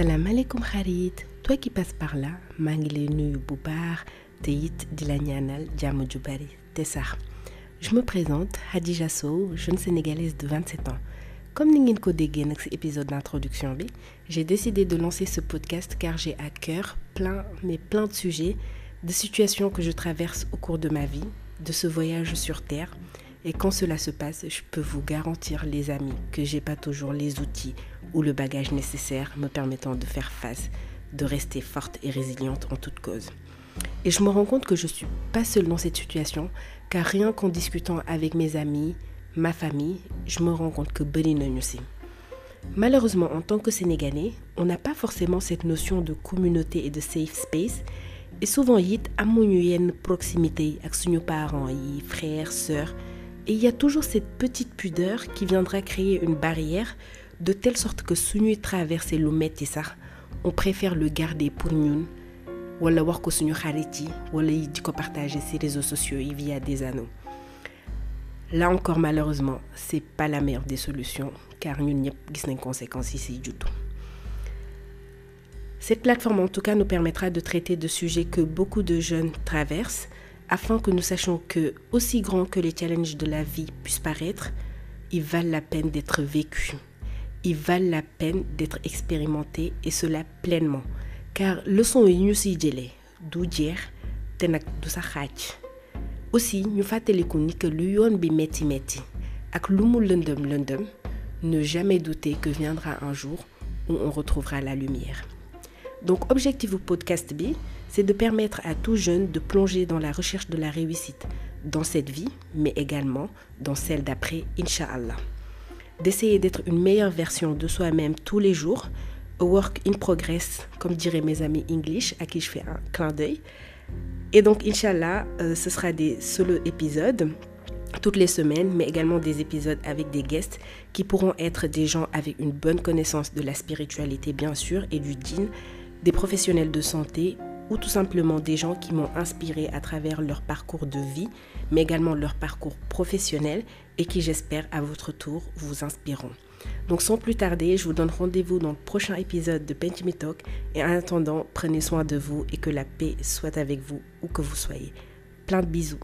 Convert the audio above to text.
salaamaaleykum xarit toi qui passe par là maa ngi lay nuyu bu baax te it di la ñaanal jàmm ju bari te sax je me présente Hadija Sow jeune sénégalaise de vingt 27 ans comme ni ngeen ko déggee nag ci épisode d'introduction bi j'ai décidé de lancer ce podcast car j'ai à cœur plein mais plein de sujets de situations que je traverse au cours de ma vie de ce voyage sur terre Et quand cela se passe, je peux vous garantir, les amis, que j'ai pas toujours les outils ou le bagage nécessaire me permettant de faire face, de rester forte résiliente en toute cause. je me rends compte que je suis pas seule dans cette situation, car rien qu'en discutant avec mes amis, ma famille, je me rends compte que Beline aussi. Malheureusement, en tant que Sénégalais, on n'a pas forcément cette notion de communauté de safe space. Et souvent, yit amuñu yenn proximité ak suñu parents yi, frères, Et il y a toujours cette petite pudeur qui viendra créer une barrière de telle sorte que suñuy traverser lu metti sax on préfère le garder pour ñun wala wax ko suñu xarit yi wala yi di ko partager ci réseaux sociaux yi via des anneaux là encore malheureusement c'est pas la meilleure des solutions car ñun ñëpp gis nañ conséquences yi siy juddu cette plateforme en tout cas nous permettra de traiter de sujets que beaucoup de jeunes traversent afin que nous sachions que, aussi grands que les challenges de la vie puissent paraître, ils valent la peine d'être vécus. Ils valent la peine d'être expérimentés et cela pleinement. Car leçon yi ñu si jëlee du jeex te nag du sa xaaj. Aussi ñu fàttaliku ni que lu yoon bi metti metti ak lu mu lëndëm lëndëm ne jamais douter que viendra un jour où on retrouvera la lumière. Donc objectif bu podcast bi c'est de permettre à tout jeune de plonger dans la recherche de la réussite dans cette vie mais également dans celle d'après Inch'Allah. D'essayer d'être une meilleure version de soi-même tous les jours, a work in progress comme diraient mes amis English à qui je fais un clin d'œil. Et donc Inch'Allah, allah euh, ce sera des solo épisodes toutes les semaines, mais également des épisodes avec des guests qui pourront être des gens avec une bonne connaissance de la spiritualité bien sûr et du des professionnels de santé ou tout simplement des gens qui m'ont inspiré à travers leur parcours de vie, mais également leur parcours professionnel et qui j'espère à votre tour vous inspireront. Donc sans plus tarder, je vous donne rendez-vous dans le prochain épisode de Pentimi et en attendant, prenez soin de vous et que la paix soit avec vous où que vous soyez. Plein de bisous.